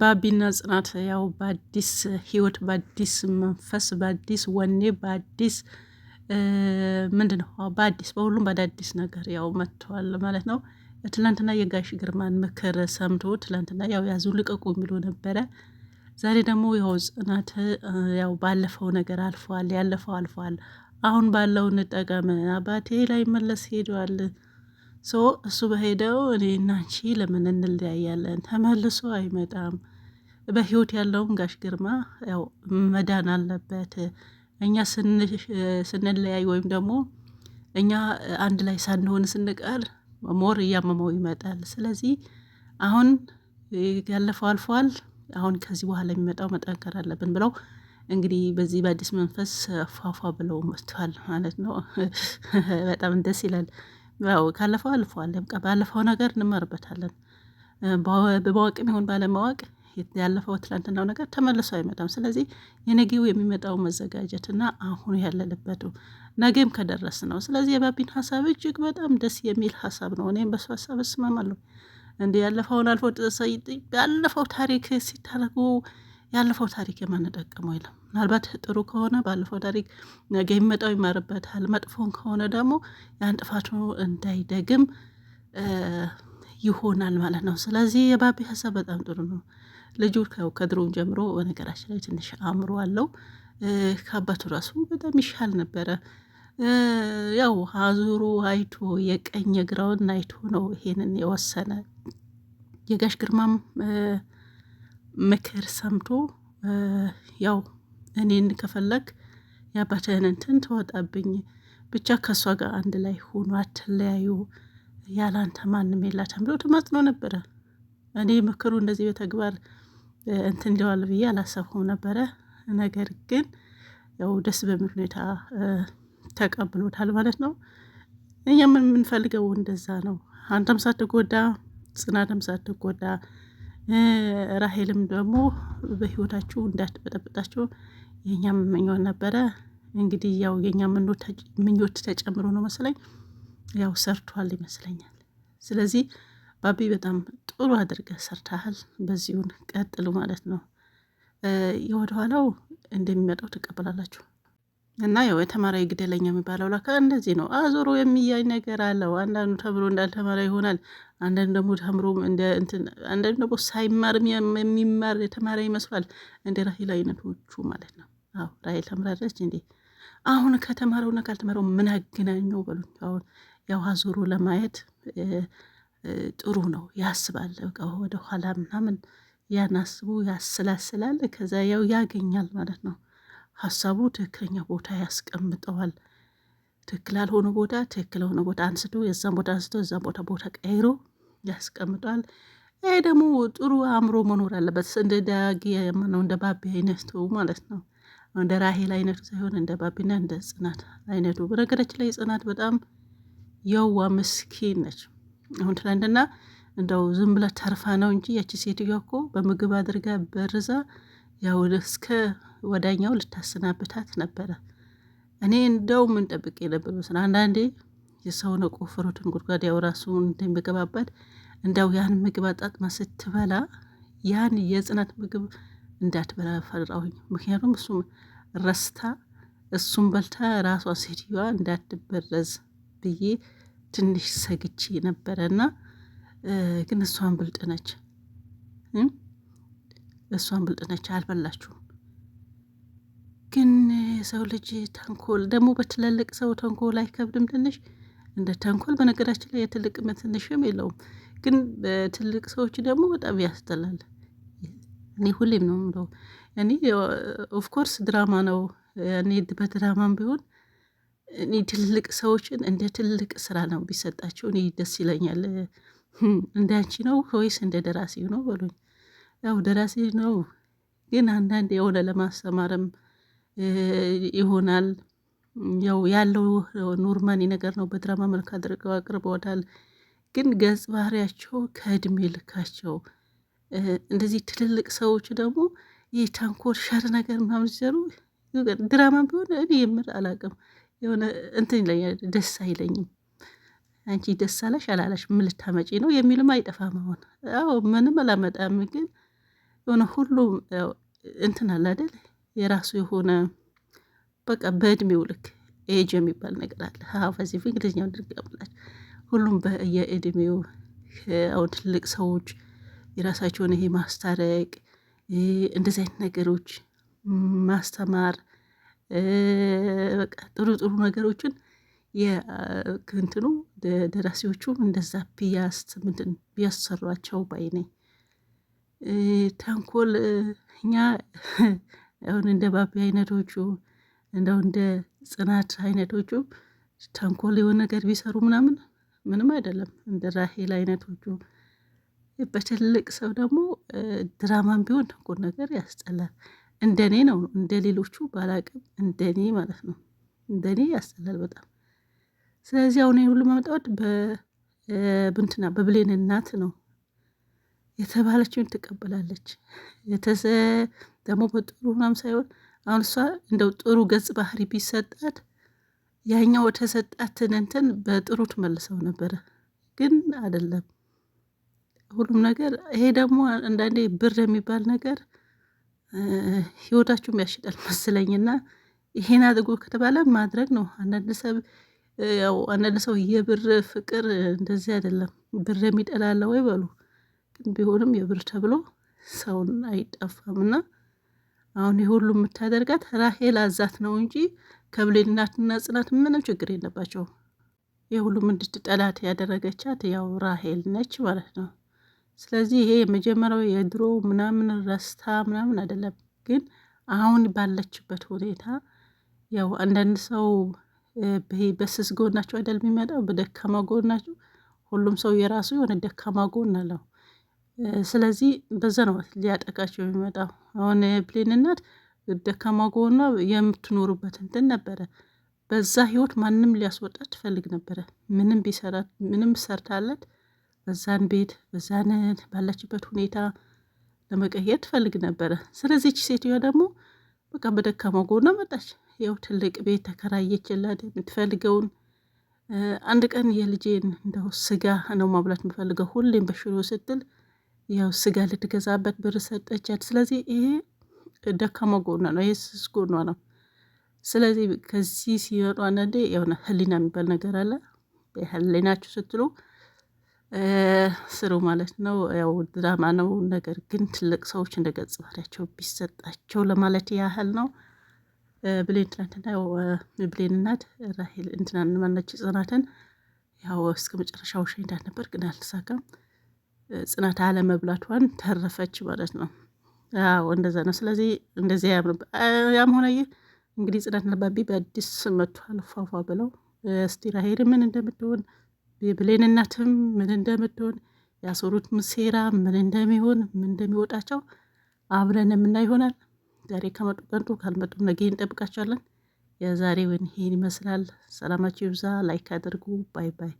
ባቢና ጽናት ያው በአዲስ ህይወት በአዲስ መንፈስ በአዲስ ወኔ በአዲስ ምንድን ነው በአዲስ በሁሉም በአዳዲስ ነገር ያው መጥተዋል ማለት ነው። ትላንትና የጋሽ ግርማን ምክር ሰምቶ ትላንትና ያው ያዙ ልቀቁ የሚሉ ነበረ። ዛሬ ደግሞ ያው ጽናት ያው ባለፈው ነገር አልፈዋል፣ ያለፈው አልፏል፣ አሁን ባለው እንጠቀም፣ አባቴ ላይ መለስ ሄደዋል ሶ እሱ በሄደው እኔ እናንቺ ለምን እንለያያለን? ተመልሶ አይመጣም። በህይወት ያለውም ጋሽ ግርማ ያው መዳን አለበት። እኛ ስንለያይ ወይም ደግሞ እኛ አንድ ላይ ሳንሆን ስንቀር ሞር እያመመው ይመጣል። ስለዚህ አሁን ያለፈው አልፏል። አሁን ከዚህ በኋላ የሚመጣው መጠንከር አለብን ብለው እንግዲህ በዚህ በአዲስ መንፈስ ፏፏ ብለው መጥቷል ማለት ነው። በጣም ደስ ይላል። ያው ካለፈው አልፈዋል። በቃ ባለፈው ነገር እንመርበታለን። በማወቅም ይሁን ባለማወቅ ያለፈው ትላንትናው ነገር ተመልሶ አይመጣም። ስለዚህ የነገው የሚመጣው መዘጋጀት እና አሁኑ ያለንበት ነገም ከደረስ ነው። ስለዚህ የባቢን ሀሳብ እጅግ በጣም ደስ የሚል ሀሳብ ነው። እኔም በሱ ሀሳብ እስማማለሁ። እንዲህ ያለፈውን አልፎ ያለፈው ታሪክ ሲታረጉ ያለፈው ታሪክ የማንጠቀመው የለም። ምናልባት ጥሩ ከሆነ ባለፈው ታሪክ ነገ የሚመጣው ይማርበታል፣ መጥፎን ከሆነ ደግሞ ያን ጥፋቱ እንዳይደግም ይሆናል ማለት ነው። ስለዚህ የባቢ ሀሳብ በጣም ጥሩ ነው። ልጁ ከድሮን ጀምሮ በነገራችን ላይ ትንሽ አእምሮ አለው። ከአባቱ ራሱ በጣም ይሻል ነበረ። ያው አዙሮ አይቶ የቀኝ የግራውን አይቶ ነው ይሄንን የወሰነ የጋሽ ግርማም ምክር ሰምቶ ያው እኔን ከፈለግ የአባትህን እንትን ተወጣብኝ ብቻ ከእሷ ጋር አንድ ላይ ሆኖ አትለያዩ፣ ያላንተ ማንም የላትም ብሎ ተማጽኖ ነበረ። እኔ ምክሩ እንደዚህ በተግባር እንትን ሊዋል ብዬ አላሰብኩም ነበረ። ነገር ግን ያው ደስ በሚል ሁኔታ ተቀብሎታል ማለት ነው። እኛም የምንፈልገው እንደዛ ነው። አንተም ሳትጎዳ፣ ጽናትም ሳትጎዳ ራሄልም ደግሞ በህይወታችሁ እንዳትበጠበጣችሁ የኛ ምመኛው ነበረ። እንግዲህ ያው የኛ ምኞት ተጨምሮ ነው መሰለኝ ያው ሰርቷል ይመስለኛል። ስለዚህ ባቢ በጣም ጥሩ አድርገህ ሰርተሃል። በዚሁን ቀጥሉ ማለት ነው። የወደኋላው እንደሚመጣው ትቀበላላችሁ። እና ያው የተማረ ይግደለኝ የሚባለው ለካ እንደዚህ ነው። አዞሮ የሚያይ ነገር አለው። አንዳንዱ ተምሮ እንዳልተማረ ይሆናል። አንዳንዱ ደግሞ ተምሮ አንዳንዱ ደግሞ ሳይማር የሚማር የተማረ ይመስላል። እንደ ራሂል አይነቶቹ ማለት ነው። አዎ ራሂል ተምራለች እንዴ? አሁን ከተማረውና ካልተማረው ምን አገናኘው በሉኝ። አሁን ያው አዞሮ ለማየት ጥሩ ነው ያስባል። በቃ ወደኋላ ምናምን ያን አስቦ ያስላስላል። ከዛ ያው ያገኛል ማለት ነው። ሀሳቡ ትክክለኛ ቦታ ያስቀምጠዋል። ትክክል ያልሆነ ቦታ ትክክል የሆነ ቦታ አንስቶ የዛን ቦታ አንስቶ የዛን ቦታ ቦታ ቀይሮ ያስቀምጠዋል። ይሄ ደግሞ ጥሩ አእምሮ መኖር አለበት። እንደ ዳጊ የምነው እንደ ባቢ አይነቱ ማለት ነው። እንደ ራሄል አይነቱ ሳይሆን እንደ ባቢና እንደ ጽናት አይነቱ። በነገራችን ላይ ጽናት በጣም የዋ ምስኪን ነች። አሁን ትናንትና እንደው ዝም ብላ ተርፋ ነው እንጂ ያቺ ሴትዮዋ እኮ በምግብ አድርጋ በርዛ ያው እስከ ወዳኛው ልታሰናብታት ነበረ። እኔ እንደው ምን ጠብቄ ነበር መሰለህ? አንዳንዴ የሰውን የቆፈሩትን ጉድጓድ ያው ራሱ እንደሚገባበት እንደው ያን ምግብ አጣጥማ ስትበላ ያን የጽናት ምግብ እንዳትበላ ፈራሁኝ። ምክንያቱም እሱም ረስታ እሱም በልታ ራሷ ሴትዮዋ እንዳትበረዝ ብዬ ትንሽ ሰግቼ ነበረ እና ግን እሷን ብልጥ ነች። እሷን ብልጥነች አልበላችሁም። ግን የሰው ልጅ ተንኮል ደግሞ በትላልቅ ሰው ተንኮል አይከብድም ትንሽ እንደ ተንኮል በነገራችን ላይ የትልቅም ትንሽም የለውም። ግን በትልቅ ሰዎች ደግሞ በጣም ያስጠላል። እኔ ሁሌም ነው እንደው እኔ ኦፍኮርስ ድራማ ነው እኔ በድራማም ቢሆን እኔ ትልቅ ሰዎችን እንደ ትልቅ ስራ ነው ቢሰጣቸው እኔ ደስ ይለኛል። አንቺ ነው ወይስ እንደ ደራሲው ነው በሉኝ። ያው ደራሲ ነው፣ ግን አንዳንድ የሆነ ለማስተማርም ይሆናል። ያው ያለው ኖርማኒ ነገር ነው። በድራማ መልክ አድርገው አቅርበዋል። ግን ገጽ ባህሪያቸው ከእድሜ ልካቸው እንደዚህ ትልልቅ ሰዎች ደግሞ ይህ ተንኮል ሸር ነገር ምናምን ሲሰሩ ድራማ ቢሆን እኔ የምር አላውቅም የሆነ እንትን ይለኛል፣ ደስ አይለኝም። አንቺ ደስ አላሽ አላላሽ ምን ልታመጪ ነው የሚልም አይጠፋም። አሁን አዎ ምንም አላመጣም ግን የሆነ ሁሉም እንትን አለ አይደል የራሱ የሆነ በቃ በእድሜው ልክ ኤጅ የሚባል ነገር አለ። ሀፈዚ እንግሊዝኛው ድርግ ሁሉም በየእድሜው አሁን ትልቅ ሰዎች የራሳቸውን ይሄ ማስታረቅ እንደዚህ አይነት ነገሮች ማስተማር ጥሩ ጥሩ ነገሮችን የክንትኑ ደራሲዎቹም እንደዛ ቢያስ ምንድን ቢያሰሯቸው ባይ ነኝ። ተንኮል እኛ አሁን እንደ ባቢ አይነቶቹ እንደው እንደ ጽናት አይነቶቹ ተንኮል የሆነ ነገር ቢሰሩ ምናምን ምንም አይደለም። እንደ ራሄል አይነቶቹ በትልቅ ሰው ደግሞ ድራማም ቢሆን ተንኮል ነገር ያስጠላል። እንደኔ ነው፣ እንደ ሌሎቹ ባላቅም፣ እንደኔ ማለት ነው። እንደኔ ያስጠላል በጣም። ስለዚህ አሁን ሁሉ ማምጣት በብንትና በብሌን እናት ነው የተባለችውን ትቀበላለች። የተሰ ደግሞ በጥሩ ምናምን ሳይሆን አሁን እሷ እንደው ጥሩ ገጽ ባህሪ ቢሰጣት ያኛው የተሰጣትን እንትን በጥሩ ትመልሰው ነበረ፣ ግን አይደለም ሁሉም ነገር። ይሄ ደግሞ አንዳንዴ ብር የሚባል ነገር ህይወታችሁም ያሽጣል መስለኝና ይሄን አድርጎ ከተባለ ማድረግ ነው። አንዳንድ ሰብ ያው አንዳንድ ሰው የብር ፍቅር እንደዚህ አይደለም፣ ብር የሚጠላለ ወይ በሉ ቢሆንም የብር ተብሎ ሰውን አይጠፋምና አሁን የሁሉ የምታደርጋት ራሄል አዛት ነው እንጂ ከብሌልናትና ጽናት ምንም ችግር የለባቸው የሁሉም ጠላት ያደረገቻት ያው ራሄል ነች ማለት ነው። ስለዚህ ይሄ የመጀመሪያው የድሮ ምናምን ረስታ ምናምን አይደለም፣ ግን አሁን ባለችበት ሁኔታ ያው አንዳንድ ሰው በስስ ጎናቸው አይደል የሚመጣው፣ በደካማ ጎናቸው። ሁሉም ሰው የራሱ የሆነ ደካማ ጎን አለው። ስለዚህ በዛ ነው ሊያጠቃቸው የሚመጣው። አሁን የብሌን እናት ደካማ ጎኗ የምትኖሩበት እንትን ነበረ። በዛ ህይወት ማንም ሊያስወጣት ትፈልግ ነበረ። ምንም ቢሰራት ምንም ሰርታለት በዛን ቤት በዛን ባለችበት ሁኔታ ለመቀየር ትፈልግ ነበረ። ስለዚህ እቺ ሴትዮ ደግሞ በቃ በደካማ ጎኗ መጣች። ያው ትልቅ ቤት ተከራየችላት የምትፈልገውን አንድ ቀን የልጄን እንደው ስጋ ነው ማብላት የምፈልገው ሁሌም በሽሮ ስትል ያው ስጋ ልትገዛበት ብር ሰጠቻት። ስለዚህ ይሄ ደካማ ጎኗ ነው፣ ይሄ ስስ ጎኗ ነው። ስለዚህ ከዚህ ሲወጡ አንዳንዴ የሆነ ህሊና የሚባል ነገር አለ። ህሊናችሁ ስትሉ ስሩ ማለት ነው። ያው ድራማ ነው። ነገር ግን ትልቅ ሰዎች እንደ ገጽ ባህሪያቸው ቢሰጣቸው ለማለት ያህል ነው። ብሌን ትናንትና ያው ብሌን እናት ራሄል እንትናን ማነች ጽናትን ያው እስከ መጨረሻው ሸኝታት ነበር ግን አልተሳካም። ጽናት አለመብላቷን ተረፈች ማለት ነው። አዎ እንደዛ ነው። ስለዚህ እንደዚህ ያም ሆነ ይህ እንግዲህ ጽናት ባቢ በአዲስ መጥቷል። ፏፏ ብለው እስቲ ራሄል ምን እንደምትሆን የብሌን ምን እንደምትሆን ያሰሩት ምሴራ ምን እንደሚሆን ምን እንደሚወጣቸው አብረን የምና ይሆናል። ዛሬ ከመጡ ቀንጡ ካልመጡም ነገ እንጠብቃቸዋለን። የዛሬውን ይህን ይመስላል። ሰላማችሁ ይብዛ። ላይክ አድርጉ። ባይ ባይ።